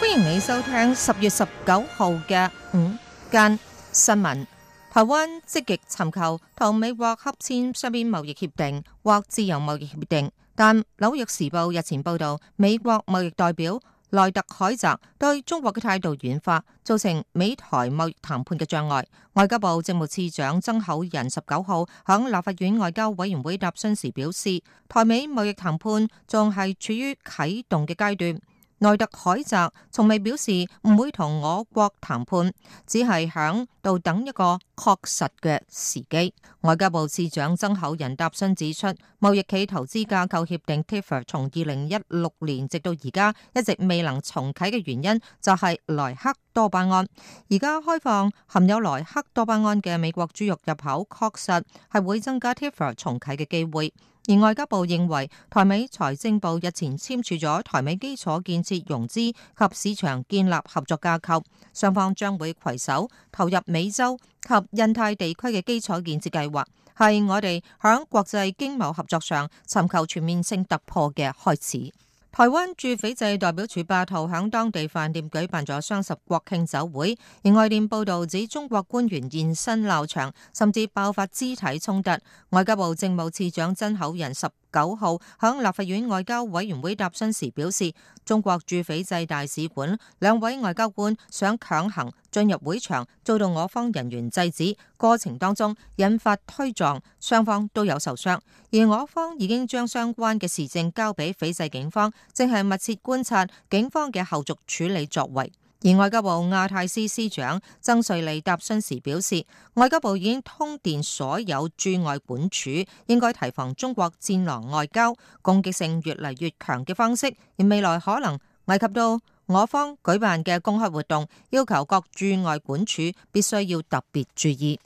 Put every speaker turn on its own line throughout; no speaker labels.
歡迎你收聽十月十九號嘅午間新聞。台灣積極尋求同美國洽簽雙邊貿易協定或自由貿易協定，但《紐約時報》日前報道，美國貿易代表萊特海澤對中國嘅態度軟化，造成美台貿易談判嘅障礙。外交部政務次長曾厚仁十九號喺立法院外交委員會答詢時表示，台美貿易談判仲係處於啟動嘅階段。奈萊特海澤從未表示唔會同我國談判，只係響度等一個確實嘅時機。外交部次長曾厚仁答詢指出，貿易暨投資架構協定 TIFA 從二零一六年直到而家一直未能重啟嘅原因，就係萊克多巴胺。而家開放含有萊克多巴胺嘅美國豬肉入口，確實係會增加 TIFA 重啟嘅機會。而外交部認為，台美財政部日前簽署咗台美基礎建設融資及市場建立合作架構，雙方將會攜手投入美洲及印太地區嘅基礎建設計劃，係我哋響國際經貿合作上尋求全面性突破嘅開始。台灣駐斐濟代表處霸圖響當地飯店舉辦咗雙十國慶酒會，而外電報道指中國官員現身鬧場，甚至爆發肢體衝突。外交部政務次長曾厚仁十九號響立法院外交委員會答詢時表示，中國駐斐濟大使館兩位外交官想強行進入會場，遭到我方人員制止，過程當中引發推撞，雙方都有受傷。而我方已經將相關嘅事證交俾斐濟警方，正係密切觀察警方嘅後續處理作為。而外交部亞太司司長曾瑞利答詢時表示，外交部已經通電所有駐外管處，應該提防中國戰狼外交攻擊性越嚟越強嘅方式，而未來可能危及到我方舉辦嘅公開活動，要求各駐外管處必須要特別注意。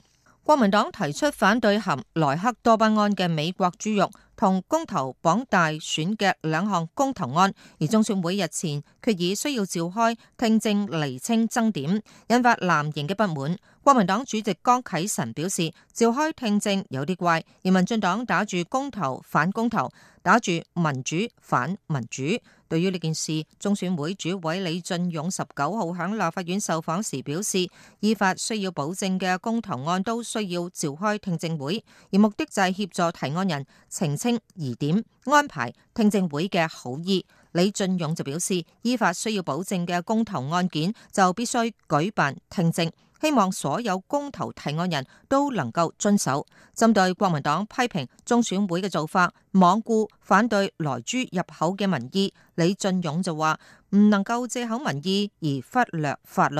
國民黨提出反對含萊克多巴胺嘅美國豬肉。同公投綁大選嘅兩項公投案，而中選會日前決議需要召開聽證釐清爭點，引發藍營嘅不滿。國民黨主席江啟臣表示，召開聽證有啲怪，而民進黨打住公投反公投，打住民主反民主。對於呢件事，中選會主委李進勇十九號喺立法院受訪時表示，依法需要保證嘅公投案都需要召開聽證會，而目的就係協助提案人澄清疑點，安排聽證會嘅好意。李進勇就表示，依法需要保證嘅公投案件就必須舉辦聽證。希望所有公投提案人都能夠遵守。針對國民黨批評中選會嘅做法，罔顧反對萊豬入口嘅民意，李進勇就話唔能夠借口民意而忽略法律。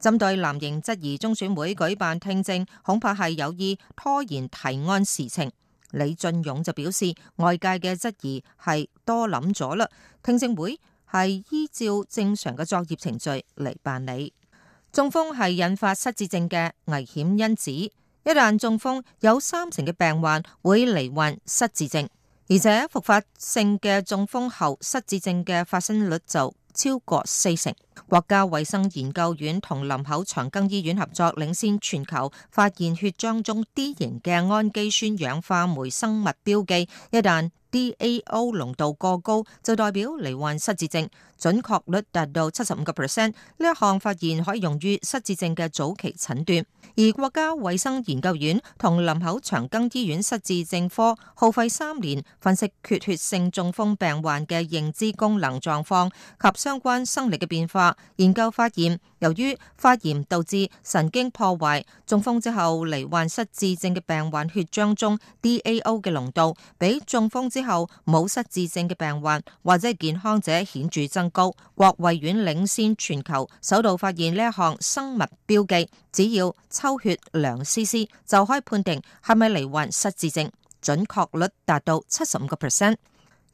針對藍營質疑中選會舉辦聽證恐怕係有意拖延提案事情，李進勇就表示外界嘅質疑係多諗咗啦。聽證會係依照正常嘅作業程序嚟辦理。中風係引發失智症嘅危險因子，一旦中風，有三成嘅病患會罹患失智症，而且復發性嘅中風後失智症嘅發生率就超過四成，國家衛生研究院同林口長庚醫院合作，領先全球發現血漿中 D 型嘅氨基酸氧化酶生物標記。一旦 DAO 濃度過高，就代表罹患失智症，準確率達到七十五個 percent。呢一項發現可以用於失智症嘅早期診斷。而國家衛生研究院同林口長庚醫院失智症科耗費三年分析缺血性中風病患嘅認知功能狀況及，相關生理嘅變化，研究發現，由於發炎導致神經破壞，中風之後罹患失智症嘅病患血漿中 DAO 嘅濃度，比中風之後冇失智症嘅病患或者健康者顯著增高。國衛院領先全球，首度發現呢一項生物標記，只要抽血量 cc，就可以判定係咪罹患失智症，準確率達到七十五個 percent。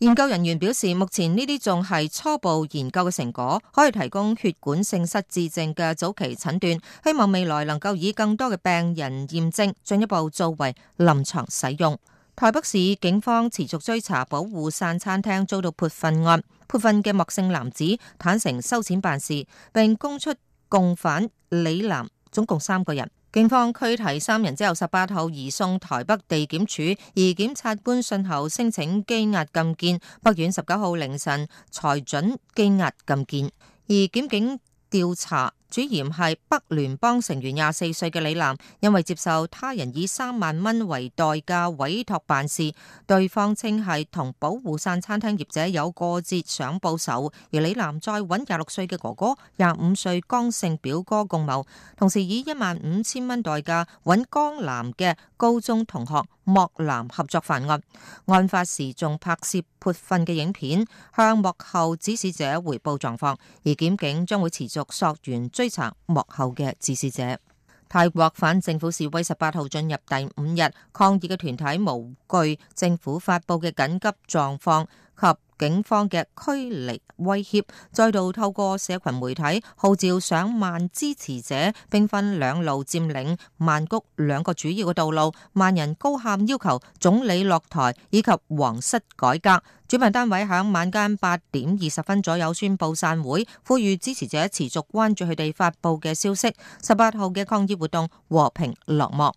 研究人員表示，目前呢啲仲係初步研究嘅成果，可以提供血管性失智症嘅早期診斷。希望未來能夠以更多嘅病人驗證，進一步作為臨床使用。台北市警方持續追查保護傘餐廳遭到潑糞案，潑糞嘅莫姓男子坦承收錢辦事，並供出共犯李楠，總共三個人。警方拘提三人之後，十八號移送台北地檢署，而檢察官訊後申請羈押禁見，北院十九號凌晨裁准羈押禁見，而檢警調查。主嫌係北聯邦成員廿四歲嘅李男，因為接受他人以三萬蚊為代價委託辦事，對方稱係同保護傘餐廳業者有過節，想報仇，而李男再揾廿六歲嘅哥哥、廿五歲江姓表哥共謀，同時以一萬五千蚊代價揾江男嘅高中同學。莫南合作犯案，案發時仲拍攝潑糞嘅影片，向幕後指使者回報狀況，而檢警將會持續溯源追查幕後嘅指使者。泰國反政府示威十八號進入第五日，抗議嘅團體無懼政府發布嘅緊急狀況。及警方嘅驅離威脅，再度透過社群媒體號召上萬支持者，兵分兩路占領曼谷兩個主要嘅道路，萬人高喊要求總理落台以及皇室改革。主辦單位響晚間八點二十分左右宣布散會，呼籲支持者持續關注佢哋發布嘅消息。十八號嘅抗議活動和平落幕。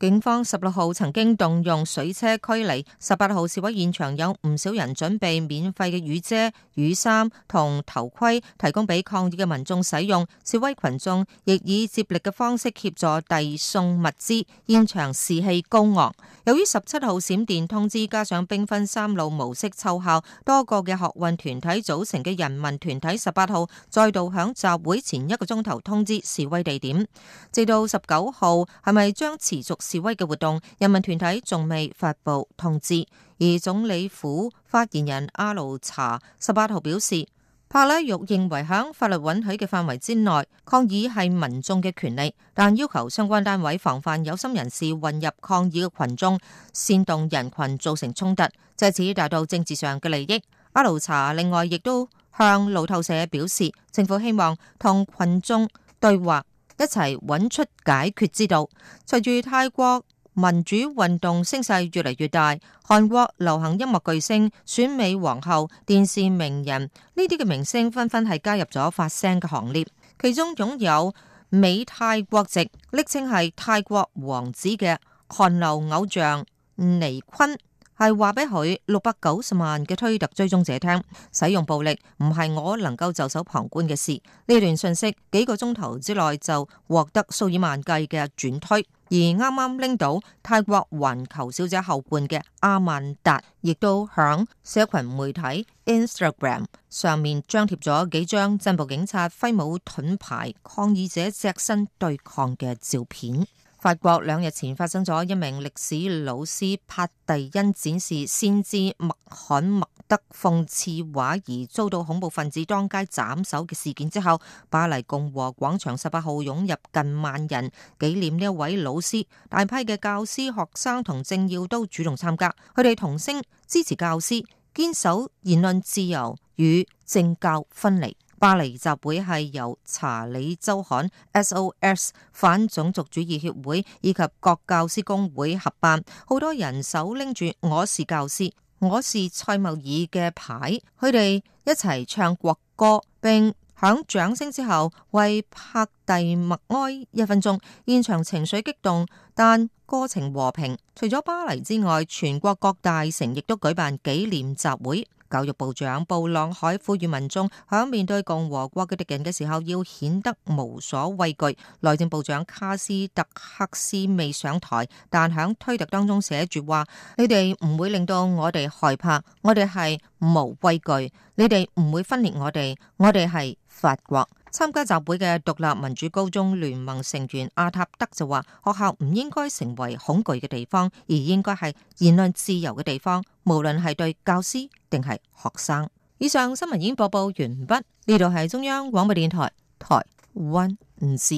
警方十六號曾經動用水車驅離，十八號示威現場有唔少人準備免費嘅雨遮、雨衫同頭盔提供俾抗議嘅民眾使用。示威群眾亦以接力嘅方式協助遞送物資，現場士氣高昂。由於十七號閃電通知，加上兵分三路模式奏效，多個嘅學運團體組成嘅人民團體十八號再度響集會前一個鐘頭通知示威地點，直到十九號係咪將持續？示威嘅活動，人民團體仲未發布通知，而總理府發言人阿努查十八號表示，帕拉育認為喺法律允許嘅範圍之內，抗議係民眾嘅權利，但要求相關單位防範有心人士混入抗議嘅群眾，煽動人群造成衝突，借此達到政治上嘅利益。阿努查另外亦都向路透社表示，政府希望同群眾對話。一齊揾出解決之道。隨住泰國民主運動聲勢越嚟越大，韓國流行音樂巨星、選美皇后、電視名人呢啲嘅明星，紛紛係加入咗發聲嘅行列。其中擁有美泰國籍，昵稱係泰國王子嘅韓流偶像尼坤。係話俾佢六百九十萬嘅推特追蹤者聽，使用暴力唔係我能夠袖手旁觀嘅事。呢段信息幾個鐘頭之內就獲得數以萬計嘅轉推，而啱啱拎到泰國環球小姐后冠嘅阿曼達，亦都響社群媒體 Instagram 上面張貼咗幾張鎮暴警察揮舞盾牌、抗議者隻身對抗嘅照片。法國兩日前發生咗一名歷史老師帕蒂，因展示先知默罕默德諷刺畫而遭到恐怖分子當街斬首嘅事件之後，巴黎共和廣場十八號湧入近萬人紀念呢一位老師，大批嘅教師、學生同政要都主動參加，佢哋同聲支持教師堅守言論自由與政教分離。巴黎集會係由查理週刊 SOS 反種族主義協會以及各教師工會合辦，好多人手拎住我是教師，我是薩繆爾嘅牌，佢哋一齊唱國歌並響掌聲之後為帕蒂默哀一分鐘，現場情緒激動，但。過程和平，除咗巴黎之外，全國各大城亦都舉辦紀念集會。教育部長布朗海呼籲民眾響面對共和國嘅敵人嘅時候，要顯得無所畏懼。內政部長卡斯特克斯未上台，但響推特當中寫住話：你哋唔會令到我哋害怕，我哋係無畏懼。你哋唔會分裂我哋，我哋係法國。參加集會嘅獨立民主高中聯盟成員阿塔德就話：學校唔應該成為恐懼嘅地方，而應該係言論自由嘅地方，無論係對教師定係學生。以上新聞已經播報完畢，呢度係中央廣播電台，台灣唔志。